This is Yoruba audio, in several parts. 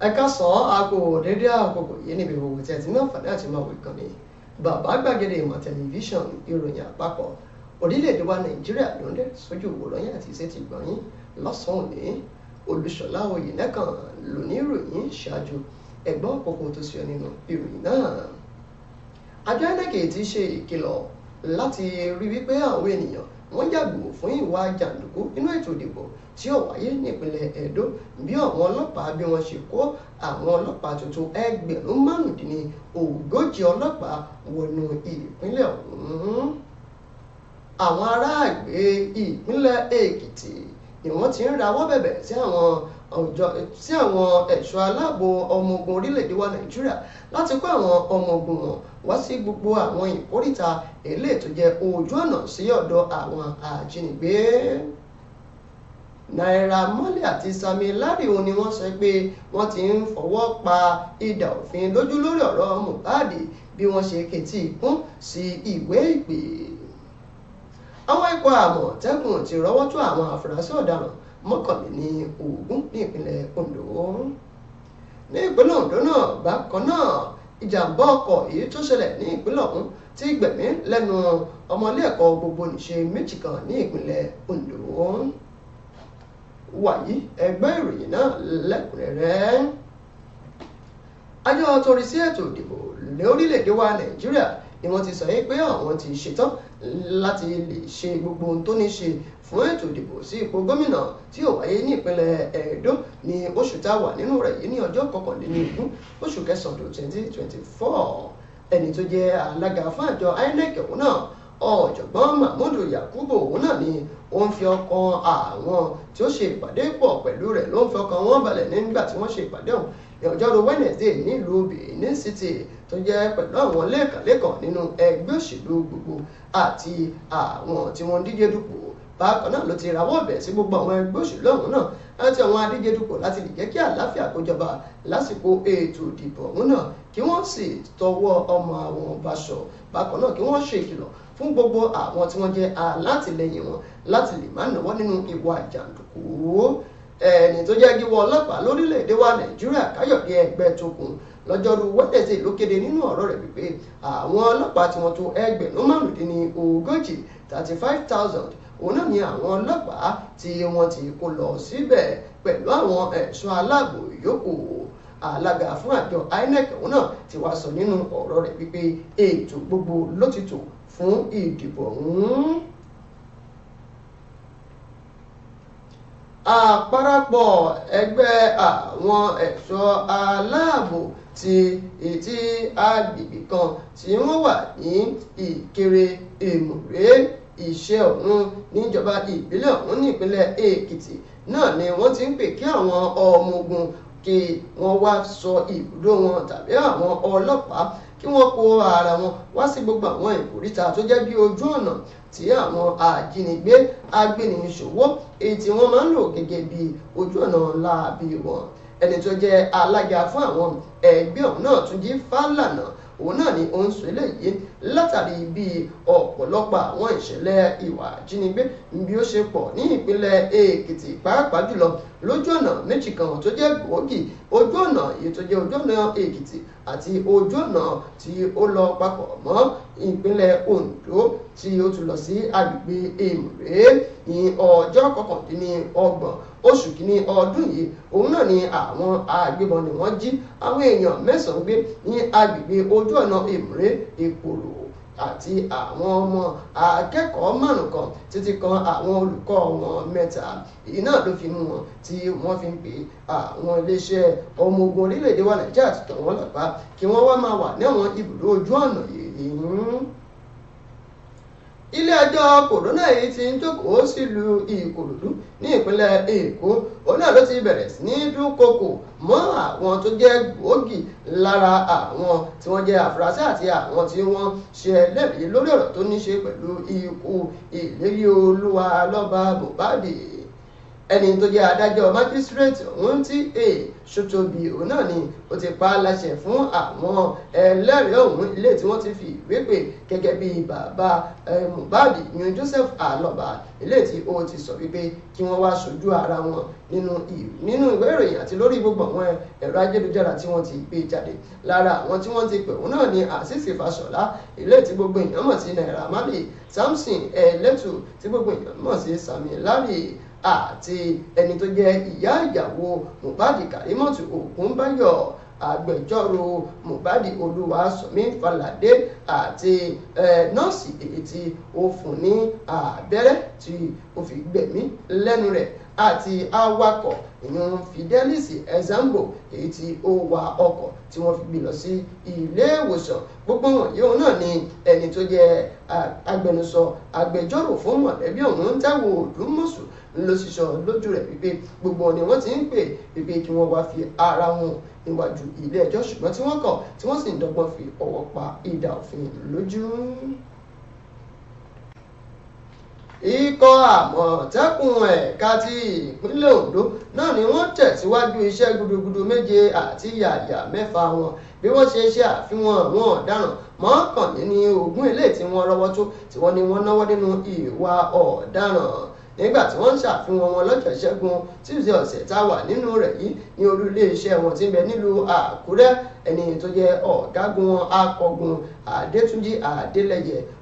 ẹ ká sọ aago òdédé àkókò yìí níbi gbogbo tí ẹ ti ní àǹfààní àti máa wò ìkànnì bàbá gbàgede ìmọ̀ tẹlifíṣàn ìròyìn àpapọ̀ orílẹ̀-èdè wa nàìjíríà ló ń dé sójú ìwòran yín àti iṣẹ́ ti gbọ̀n yín lọ́sàn-án òní olùṣọ́lá oyè lẹ́kàn lóní ìròyìn ṣáájú ẹ̀gbọ́n àkókò tó wọ́n yàgò fún ìwà jàǹdùkú nínú ètò ìdìbò tí ó wáyé nípínlẹ̀ Edo bí àwọn ọlọ́pàá bí wọ́n ṣe kó àwọn ọlọ́pàá tuntun ẹgbẹ̀rún márùndínlógójì ọlọ́pàá wọnú ìpínlẹ̀ ọ̀hún. àwọn ará àgbẹ̀ ìpínlẹ̀ Èkìtì ni wọ́n ti ń rawọ́ bẹ̀bẹ̀ sí àwọn àwùjọ sí àwọn ẹ̀ṣọ́ aláàbò ọmọ ogun orílẹ̀-èdè wa nàìjíríà láti kó àwọn ọmọ ogun wọn wá sí gbogbo àwọn ìkóríta eléyìí tó jẹ́ ojú ọ̀nà sí ọ̀dọ̀ àwọn ajínigbé naira marley àti sami larry òun ni wọ́n sọ pé wọ́n ti ń fọwọ́ pa idà òfin lójú lórí ọ̀rọ̀ mohbad bí wọ́n ṣe kẹtí ìkún sí ìwé ìpè àwọn ikọ̀ àmọ̀tẹ́kùn ti rọ́wọ́ tó àwọn afurasí ọ̀daràn mọ́kànléní ogún ní ìpínlẹ̀ Ondo ní ìpínlẹ̀ Ondo náà bákan náà ìjàmbá ọkọ̀ èyí tó ṣẹlẹ̀ ní ìpínlẹ̀ ọ̀hún ti gbẹ̀mí lẹ́nu ọmọlé ẹ̀kọ́ gbogbo nìṣe méjì kan ní ìpínlẹ̀ Ondo wàyí ẹgbẹ́ ìròyìn náà lẹ́kùnrẹ́rẹ́ àjọ torí sí ètò ìdìbò lórílẹ̀‐èdè wa Nàìjíríà ni wọ́n ti sọ yìí pé àwọn ti ṣetán láti lè ṣe gbogbo ohun tó ní ṣe fún ètò ìdìbò sí ipò gómìnà tí ó wáyé ní ìpínlẹ̀ Ẹ̀dó ní oṣù tá a wà nínú rẹ̀ yìí ní ọjọ́ kọkànlélógún oṣù kẹsàn-án twenty twenty four ẹni tó jẹ́ alága fún àjọ INEC òun náà ọ̀jọ̀gbọ́n mahmudu yakubu òun náà ni ó ń fi ọkàn àwọn tí ó ṣe ìpàdé pọ̀ pẹ̀lú rẹ̀ ló ń fi ọkàn wọn balẹ̀ nígbà tí wọ́n ṣe ìpàdé ọ̀hún ọjọ́rú Wednesday nílùú Benin City tó jẹ́ pẹ̀lú àwọn lẹ́ẹ̀kanlẹ́ẹ̀kan nínú ẹgbẹ́ òṣèlú gbogbo àti àwọn tí wọ́n díje dupò bákan náà ló ti rawọ́ ọ̀bẹ̀ sí gbogbo àwọn ẹgbẹ́ òṣèlú ọ̀hún náà láti àwọn adíje dupò láti lè jẹ́ kí àlàáfíà kó jọba lásìkò ètò ìdìbò ọ̀hún náà kí wọ́n sì tọwọ́ ọmọ àwọn báṣọ bákan náà kí wọ́n ṣe ìkìlọ̀ fún gbogbo àwọn tí wọ́n jẹ́ alátìlẹyìn wọn láti lè má náwó nínú ìwà jàǹdùkú ẹni tó jẹ́ gíwọ́ ọlọ́pàá lórílẹ̀‐èdè wa nàìjíríà káyọ̀dé ẹgbẹ́tokùn lọ́jọ́rú wẹ́tẹ̀sì ló kéde nínú ọ̀rọ̀ rẹ̀ wípé àwọn ọlọ́pàá tí wọ́n tó ẹgbẹ̀rún márùndínní ogójì thirty five thousand òun náà ni àwọn ọlọ́pàá tí wọ́n ti kó lọ síbẹ̀ pẹ̀lú àwọn ẹ̀ṣọ́ aláàbò yòókù alága fún àjọ inec òun náà ti wá sọ nínú ọ̀rọ̀ rẹ̀ wípé ètò gbogbo ló ti tò fún ìdìbò ọ̀hún. àparapọ̀ ẹgbẹ́ àwọn ẹ̀ṣọ́ aláàbò ti etí agbègbè kan tí wọ́n wà ní ìkéré èmùrè iṣẹ́ ọ̀hún níjọba ìbílẹ̀ ọ̀hún nípínlẹ̀ èkìtì náà ni wọ́n ti ń pè kí àwọn ọmọ ogun kí wọ́n wá sọ ibùdó wọn tàbí àwọn ọlọ́pàá kí wọ́n po ara wọn wá sí gbogbo àwọn ìkóríta tó jẹ́ bí ojú ọ̀nà tí àwọn ajínigbé agbéniṣòwò èyí tí wọ́n máa ń lò gẹ́gẹ́ bí ojú ọ̀nà láabi wọn ẹni tó jẹ́ alága fún àwọn ẹgbẹ́ ọ̀hún náà tún jí Fálànà òun náà ni ó ń sọ eléyìí látàrí bí ọ̀pọ̀lọpọ̀ àwọn ìṣẹ̀lẹ̀ ìwà àjínigbé bí ó ṣe pọ̀ ní ìpínlẹ̀ Èkìtì pàápàá jùlọ lójú ọ̀nà méjì kan tó jẹ́ gbòógì ojú ọ̀nà èyí tó jẹ́ ojú ọ̀nà Èkìtì àti ojú ọ̀nà tí ó lọ papọ̀ mọ́ ìpínlẹ̀ Oǹdó tí ó tún lọ sí agbègbè èmùrè ní ọjọ́ kọkàndínlọ́gbọ̀n oṣù kìíní ọdún yìí òun náà ni àwọn agbébọn ni wọ́n jí àwọn èèyàn mẹ́sàn-án gbé ní agbègbè ojú ọ̀nà èmùrè èkòrò àti àwọn ọmọ akẹ́kọ̀ọ́ márùn kan títí kan àwọn olùkọ́ wọn mẹ́ta èyí náà ló fi mú wọn tí wọ́n fi ń pè àwọn iléeṣẹ́ ọmọ ogun orílẹ̀-èdè wa nàìjíríà ti tọ̀ wọ́n lọ́pàá kí wọ́n wá máa wà ní ibùdó ojú ọ̀nà yìí ilé ẹjọ́ kòrónà yìí ti ń jókòó sílùú ìkòròdú ní ìpínlẹ̀ èkó òun náà ló ti bẹ̀rẹ̀ sí ní dúnkokò mọ́ àwọn tó jẹ́ gbòógì lára àwọn tí wọ́n jẹ́ àfúrásì àti àwọn tí wọ́n ṣe ẹlẹ́rìí lórí ọ̀rọ̀ tó ní ṣe pẹ̀lú ikú ìlérí olúwa lọ́ba mohbad ẹni tó jẹ́ adájọ́ májísírèètì ọ̀hún tí a ṣòtóbi òun náà ni ó ti pa á láṣẹ fún àwọn ẹlẹ́rìí ọ̀hún ilé tí wọ́n ti fi ìwé pè gẹ́gẹ́ bí bàbá Mohbad yun Joseph Aloba ilé tí ó ti sọ wípé kí wọ́n wá ṣojú ara wọn nínú nínú ìwé ìròyìn àti lórí gbogbo àwọn ẹ̀rọ ayélujára tí wọ́n ti gbé jáde lára àwọn tí wọ́n ti pè òun náà ni àṣìṣe Fáṣọlá ilé tí gbogbo èèyàn mọ̀ sí Naira Marley Samson ẹlẹ́tù tí gbogbo èèyàn mọ̀ sí Sami Larry àti ẹni tó jẹ́ ìyá ìyàwó Mohbad Karimot Ògúnbáyọ̀ agbẹjọ́rò Mohbad Olúwaṣọ̀mí Faládé àti nọ́ọ̀sì èyí tí ó fún ní abẹ́rẹ́ tí ó fi gbẹ̀mí lẹ́nu rẹ̀ àti awakọ̀ ìyún Fidelis Ezambo èyí tí ó wa ọkọ̀ tí wọ́n fi gbé lọ sí ilé ìwòsàn gbogbo wọn yóò náà ni ẹni tó jẹ́ agbẹnusọ agbẹjọ́rò fún mọ̀lẹ́bí ọ̀hún Táíwò Òdùmọ̀ṣù ló sọ lójú rẹ̀ wípé gbogbo ọ̀nà wọ́n ti ń pè wípé kí wọ́n wá fi ara wọn níwájú ilé ẹjọ́ ṣùgbọ́n tí wọ́n kọ̀ tí wọ́n sì ń dọ́gbọ́n fi ọwọ́ pa idà òfin lójú ikọ̀ àmọ̀tẹ́kùn ẹ̀ka ti ìpínlẹ̀ Ondo náà ni wọ́n tẹ̀síwájú iṣẹ́ gudugudu méje àti yàyà mẹ́fà wọn bí wọ́n ṣe ṣe àfihàn àwọn ọ̀daràn mọ́kànléní ogún tí wọ́n rọ́wọ́ tó tí wọ́n ní wọ́n náwó nínú ìwà ọ̀daràn nígbà tí wọ́n ń ṣàfihàn wọn lọ́jọ́ ìṣẹ́gun tíwìsì ọ̀sẹ̀ tá a wà nínú rẹ̀ yìí ní olú iléeṣẹ́ wọn ti ń bẹ nílùú àkúrẹ́ ẹni tó jẹ́ ọ̀gágun wọn akọgun adétúnjì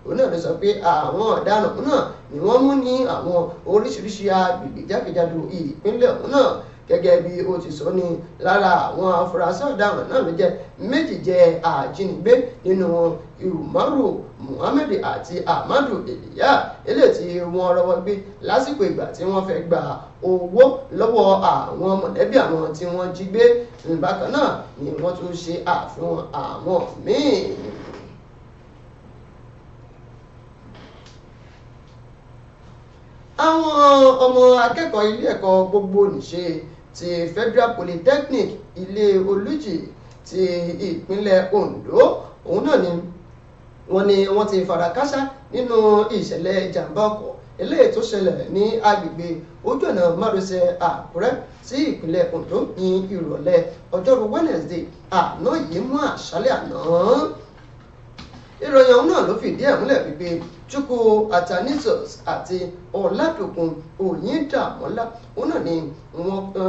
òun náà ló sọ pé àwọn ọ̀daràn náà ni wọ́n mú ní àwọn oríṣiríṣi agbègbè jákèjádò ìpínlẹ̀ òun náà gẹ́gẹ́ bí ó ti sọ ní lára àwọn afurasí ọ̀daràn náà ló jẹ́ méjì jẹ́ àjínigbé nínú irumaru muhammed àti ahmadu eliya eléyìí tí wọ́n rọ́wọ́ gbé lásìkò ìgbà tí wọ́n fẹ́ gba owó lọ́wọ́ àwọn mọ̀lẹ́bí àwọn tí wọ́n jí gbé bákan náà ni wọ́n tún ṣe àfihàn àwọn míì. àwọn ọmọ akẹ́kọ̀ọ́ ilé ẹ̀kọ́ gbogbo nìṣe ti federal polytechnic ilé olùjì ti ìpínlẹ̀ Ondo òun náà ni wọ́n ní wọ́n ti fara káṣá nínú ìṣẹ̀lẹ̀ ìjàmbá ọkọ̀ eléyìí tó ṣẹlẹ̀ ní agbègbè ojú ọ̀nà márosẹ̀ àkúrẹ́ sí ìpínlẹ̀ ondo ní ìrọ̀lẹ́ ọjọ́rú wednesday àná yìí mú àṣálẹ̀ àná ìròyìn ọ̀hún náà ló fìdí ẹ̀ múlẹ̀ wípé chukwu atanisos àti ọ̀làdùnkùn òyìndàmọ́lá òun náà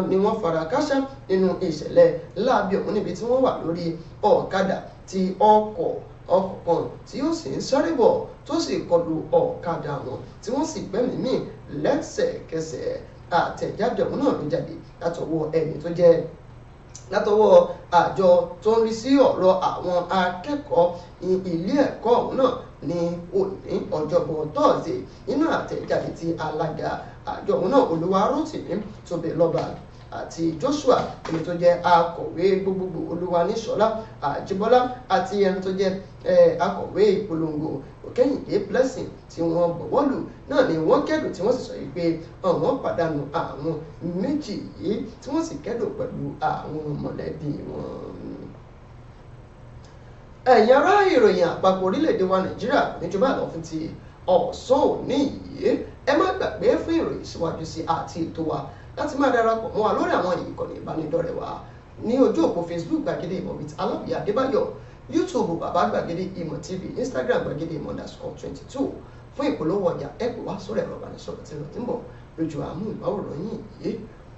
ni wọ́n fara káṣá nínú ìṣẹ̀lẹ̀ láabi ọ̀hún níbi tí wọ́n wà lórí ọ̀kadà ti ọkọ̀ ọkọ̀ kan tí ó sì ń sáré bọ̀ tó sì kọlu ọ̀kadà wọn tí wọ́n sì gbẹ́mìí mì lẹ́sẹ̀kẹsẹ̀ àtẹ̀jáde ọ̀hún náà ló jáde látọwọ́ ẹni tó jẹ́ látọwọ́ àjọ tó ń rí sí ọ̀rọ̀ àwọn akẹ́kọ̀ọ́ ilé ẹ̀kọ́ ọ̀hún náà ní òní ọjọ́bọ̀ tọ́ọ̀sì nínú àtẹ̀jáde ti alága àjọ ọ̀hún náà olúwa rótìmí tóbi lọ́ba àti Joshua ẹni tó jẹ́ akọ̀wé gbogbogbò olúwa níṣọ́lá àjíbọ́lá àti ẹni tó jẹ́ akọ̀wé ìpolongo òkèyìndé blessing tí wọ́n bọ̀wọ́ lù náà ni wọ́n kẹ́dùn tí wọ́n sì sọ yìí pé àwọn pàdánù àwọn méjì yìí tí wọ́n sì kẹ́dùn pẹ̀lú àwọn mọ̀lẹ́bí wọn ẹ̀yin ará ìròyìn àpapọ̀ orílẹ̀-èdè wa nàìjíríà níjọba àlọ́ fún ti ọ̀sán òní yìí ẹ má gbàgbé fún síwájú sí àti ètò wa láti máa darapọ̀ mọ́ wa lórí àwọn ìkànnì ìbánidọ́rẹ̀ẹ́ wa ní ojú òpó facebook gbàgede ìmọ̀ with alábìyá adébáyọ̀ youtube bàbá gbàgede ìmọ̀ tv instagram gbàgede ìmọ̀ underscore twenty two fún ìpolówó ọjà ẹ pè wá sórí ẹ̀rọ ìbánisọ̀rọ̀ tí lọ́ọ́ ti ń bọ̀ lójú àmú ìbáwòrán yìí yé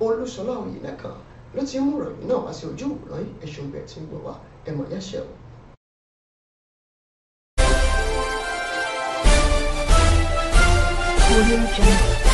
olúṣọlá òye náà kan ló ti ń mú ìròyìn náà wá sí ojú ìwòrán ẹ̀ṣọ́ ìgbẹ́ tí ń gbọ̀ wá ẹ̀mọ̀ yẹ́ṣẹ̀ o. Audio Jungle.